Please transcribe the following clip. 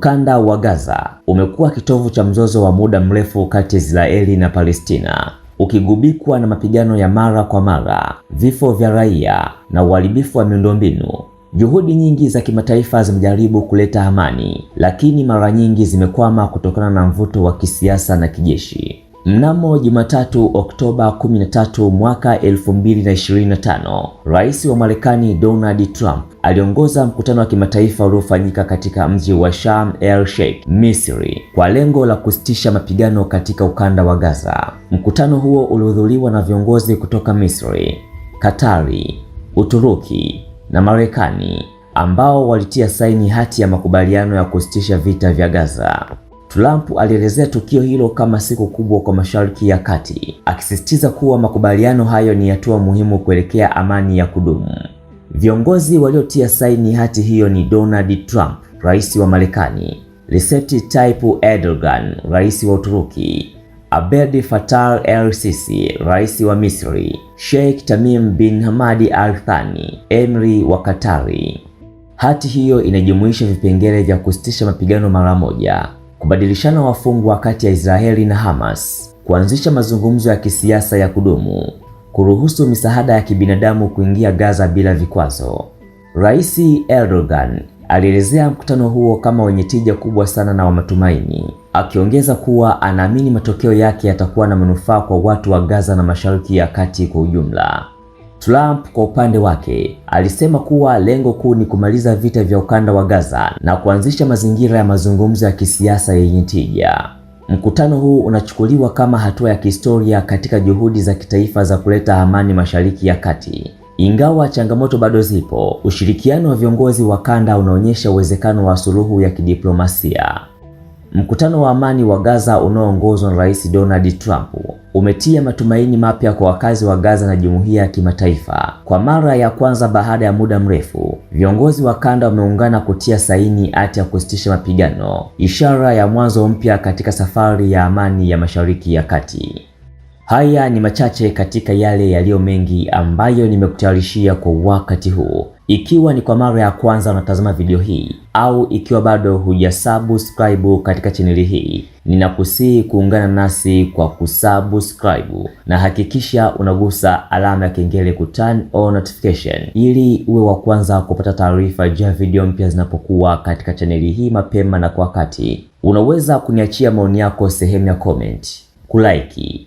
Ukanda wa Gaza umekuwa kitovu cha mzozo wa muda mrefu kati ya Israeli na Palestina, ukigubikwa na mapigano ya mara kwa mara, vifo vya raia na uharibifu wa miundombinu. Juhudi nyingi za kimataifa zimejaribu kuleta amani, lakini mara nyingi zimekwama kutokana na mvuto wa kisiasa na kijeshi. Mnamo Jumatatu Oktoba 13 mwaka 2025, Rais wa Marekani Donald Trump aliongoza mkutano wa kimataifa uliofanyika katika mji wa Sharm El Sheikh, Misri, kwa lengo la kusitisha mapigano katika ukanda wa Gaza. Mkutano huo ulihudhuriwa na viongozi kutoka Misri, Katari, Uturuki na Marekani ambao walitia saini hati ya makubaliano ya kusitisha vita vya Gaza. Trump alielezea tukio hilo kama siku kubwa kwa Mashariki ya Kati, akisisitiza kuwa makubaliano hayo ni hatua muhimu kuelekea amani ya kudumu. Viongozi waliotia saini hati hiyo ni Donald Trump, rais wa Marekani, Recep Tayyip Erdogan, rais wa Uturuki, abed Fattah el-Sisi, rais wa Misri, Sheikh Tamim bin Hamad Al Thani, emri wa Katari. Hati hiyo inajumuisha vipengele vya kusitisha mapigano mara moja kubadilishana wafungwa kati ya Israeli na Hamas, kuanzisha mazungumzo ya kisiasa ya kudumu, kuruhusu misaada ya kibinadamu kuingia Gaza bila vikwazo. Rais Erdogan alielezea mkutano huo kama wenye tija kubwa sana na wa matumaini, akiongeza kuwa anaamini matokeo yake yatakuwa na manufaa kwa watu wa Gaza na Mashariki ya Kati kwa ujumla. Trump kwa upande wake alisema kuwa lengo kuu ni kumaliza vita vya ukanda wa Gaza na kuanzisha mazingira ya mazungumzo ya kisiasa yenye tija. Mkutano huu unachukuliwa kama hatua ya kihistoria katika juhudi za kitaifa za kuleta amani Mashariki ya Kati. Ingawa changamoto bado zipo, ushirikiano wa viongozi wa kanda unaonyesha uwezekano wa suluhu ya kidiplomasia. Mkutano wa amani wa Gaza unaoongozwa na Rais Donald Trump umetia matumaini mapya kwa wakazi wa Gaza na jumuiya ya kimataifa. Kwa mara ya kwanza baada ya muda mrefu, viongozi wa kanda wameungana kutia saini hati ya kusitisha mapigano, ishara ya mwanzo mpya katika safari ya amani ya Mashariki ya Kati. Haya ni machache katika yale yaliyo mengi ambayo nimekutayarishia kwa wakati huu. Ikiwa ni kwa mara ya kwanza unatazama video hii au ikiwa bado hujasubscribe katika chaneli hii, ninakusihi kuungana nasi kwa kusubscribe na hakikisha unagusa alama ya kengele ku turn on notification ili uwe wa kwanza kupata taarifa juu ya video mpya zinapokuwa katika chaneli hii mapema na kwa wakati. Unaweza kuniachia maoni yako sehemu ya comment, kulike